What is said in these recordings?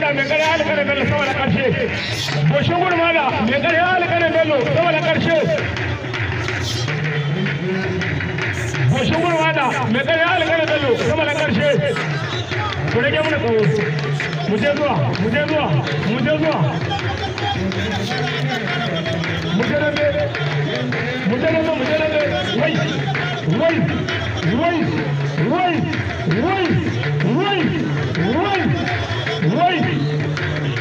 mada mai kare alkarin bello sama da karshe bushin gudu mada mai kare alkarin bello sama da karshe bushin gudu mada mai kare alkarin bello sama da karshe ku rage mana tsawo mu je zuwa mu je zuwa mu je zuwa mu je nan mu je nan mu je nan wai wai wai wai wai wai wai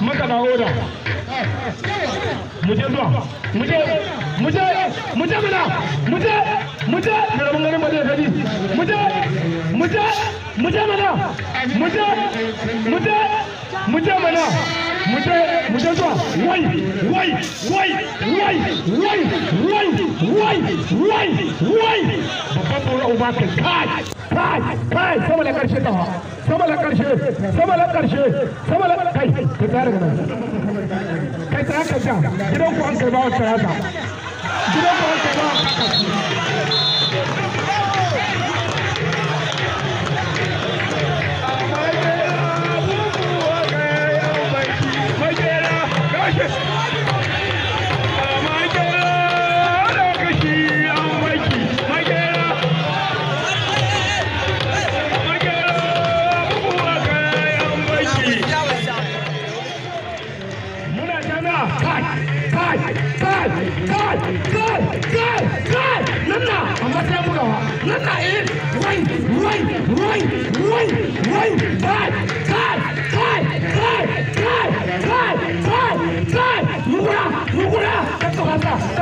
makaɗa oda muje zuwa muje muje muje muna muje muje muje rabin muje ba muje fadi muje muje muje mana muje muje muje mana muje muje zuwa muje wai muje wai muje wai muje wai muje babban muje uba muje kai muje kai sama da muje tawa sama karshe sama karshe sama kai ka tsaya daga kai tsaya ka tsaya gidan ku an kai ba wata gidan ku an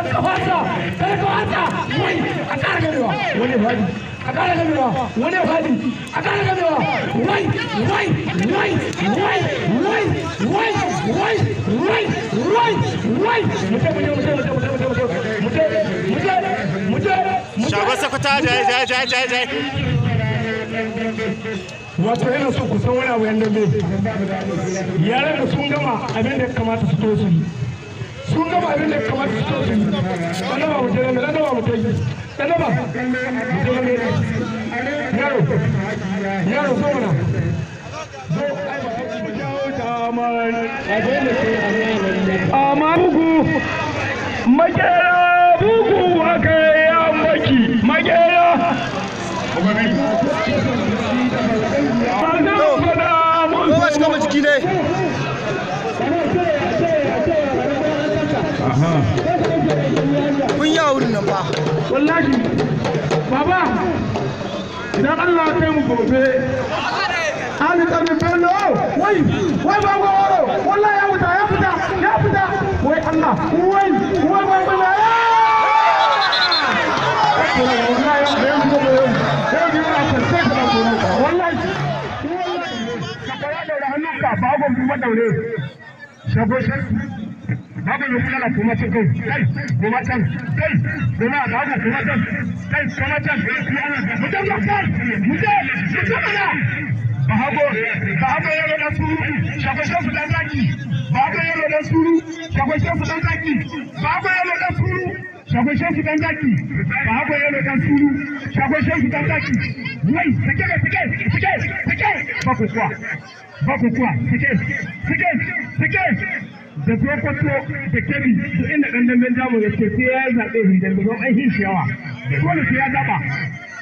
kar ka wani wani jai jai jai wato yana so ku san wani abu yanda bai yaran da sun gama abin da kamata su to su yi sun gama abin da kamar su so su yi ɗanaba mu jere mai ɗanaba mu tayi ɗanaba mu jere mai yaro yaro so mana amma bugu makera bugu aka yi maki makera ba za mu faɗa kun yi a wurin nan ba wallahi baba idan allah kai mu gobe ali kami bello wai wai ba goro wallahi ya fita ya fita ya fita wai allah wai wai wai wai Wallahi, ka kaya da hannunka ba gobe madaure, shafo shafo. haka ne kana kuma can kai kai kuma can kai kuma da haka kuma can kai kuma can mutum ba kan mutum mutum mana ba hago ba hago yaro da suru shakwashen su dan zaki ba hago yaro da suru shakwashen su dan zaki ba hago yaro da suru shakwashen su dan zaki ba hago yaro da suru shakwashen su dan zaki wai sake sake sake sake ba ku kuwa ba ku kuwa sake sake sake da sokoto da kebi da inda ɗan damben jamus ya ce sai ya zaɓe hindar da don ainihin shi yawa dole sai ya zaɓa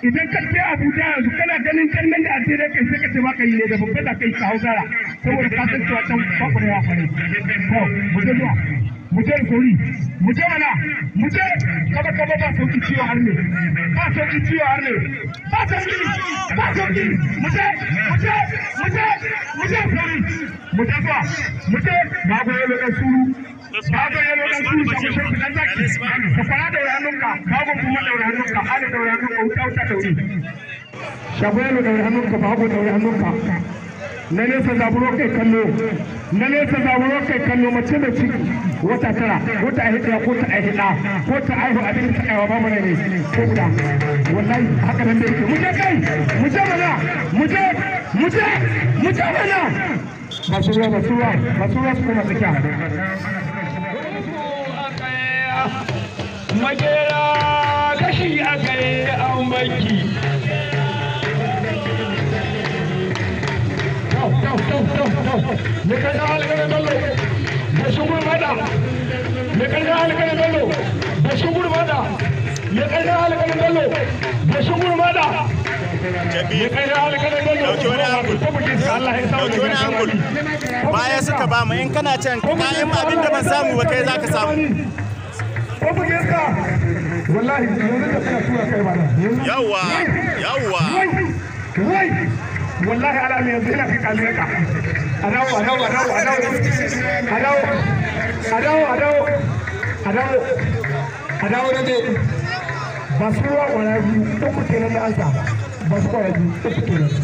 idan ka je abuja yanzu kana ganin kalmen da a ajiyar kai sai ka ce ka yi ne da babban da kai ka hausara saboda ka san cewa can bakwai ya kwarai to mu je zuwa mu je kori mu je mana mu je kaba kaba ba sauki ciwo har ne ba sauki ciwo har ne ba sauki ba sauki mu je mu je mu je mu je gori mu tafa mu te na goye da suru ka goye da suru ka mushe ku dan zaki ka fara da hannunka ka go kuma da hannunka ana da hannunka wuta wuta tauri shagoye da hannunka ba go da hannunka na nesa zaburo kai kallo na nesa zaburo kai kallo mace mai ciki wata tara wata a hidda ko ta a hidda ko ta aihu abin ta aiwa ba mana ne ko guda wallahi haka nan da yake mu je kai mu je mana mu je mu je mu je mana basura basura basura su kuma bada. bada. dauki wani angul baya suka ba mu in kana can kayan abin da ban samu ba kai za ka samu yawwa yawwa wallahi alamu yanzu yana fi ka. adawo adawo adawo adawo adawo adawo adawo adawo adawo na dai ba su ruwa kwana biyu uku kenan na ansa ba su kwana biyu uku kenan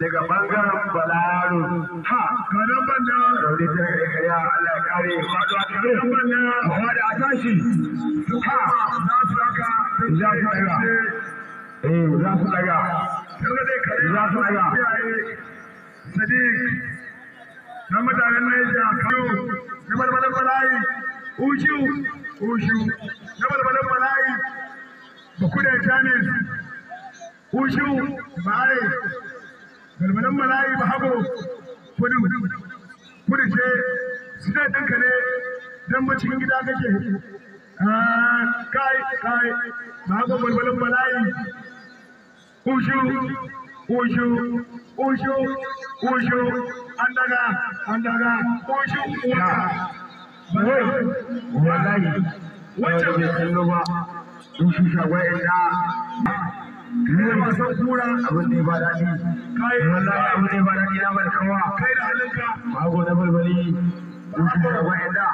daga bangaren balaro ha kanan banda rauni ta daga kariya Allah ya kare faduwa ta da atashi ha su daga za su daga eh za su daga za su daga sadiq na mutanen Niger kayo na balbalan bala'i uju uju na balbalan bala'i bakudan janis uju bare galmanan malayi ba hako kudu kudu ce zai ɗinka ne don ba cikin gida kake ah, kai kai ba hako balbalin malayi ushu ushu ushu an daga an daga wallahi kallo ba shagwai da Liyar wasan kura abin da ya ba daɗi. ba da halinka. Bago na balbali. Kushi da bayan da.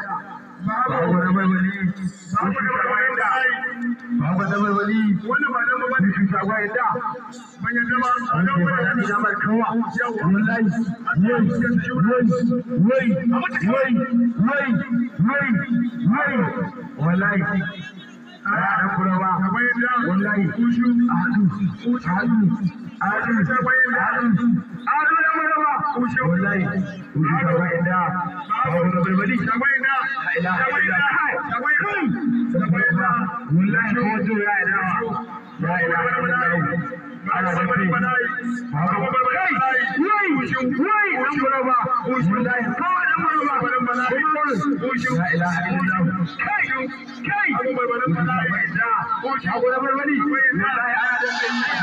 Bago na balbali. Kushi da bayan da. Bago na balbali. Wani ba dan ba ne. Kushi da bayan da. Bayan Wai. Wai. Wai. Wai. Wai. Wai. da ya ida da kai ba ba ba kai wai wai la ilaha illallah kai kai abu barbarin fada ya abu na barbari wallahi ana da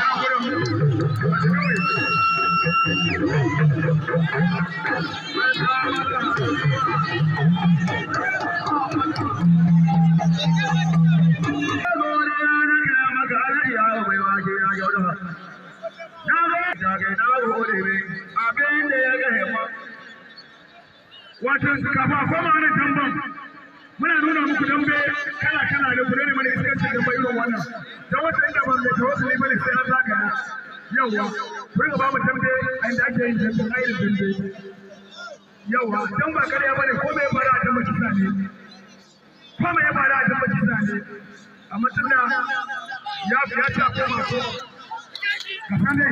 Thank you. wato kafa ko ma ne damban muna nuna muku dambe kala kala da ku ne mana iskanci da bai irin wannan da wata inda ban mai wasu ne bane sai an ne yawa ku riga ba mu tambe a inda ake yin dambe a irin dambe yawa dan ba kare ya bane ko mai fara a dambe kisa ne ko mai fara a dambe kisa ne amma tunda ya ya ta koma ko ka san dai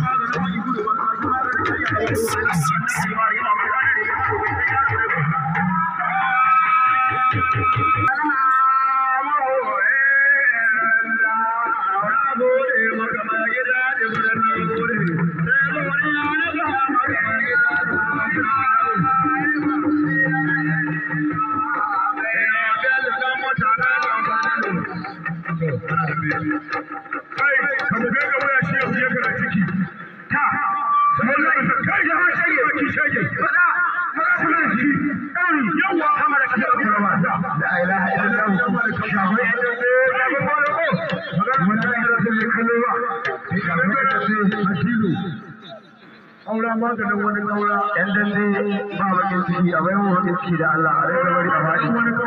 Aura maganin wani kaura ‘yan dande ba bakin ciki a bayan bakin ciki Allah a a faɗi. Wani ba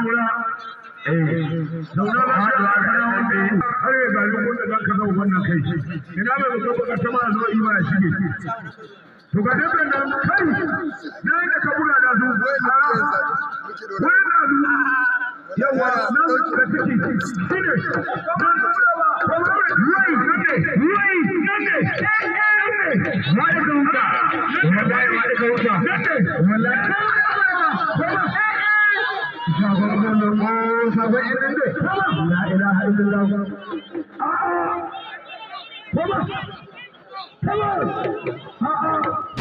da kai. Ina na ka yawa nan suka ciki shi ne don wuta da a'a a'a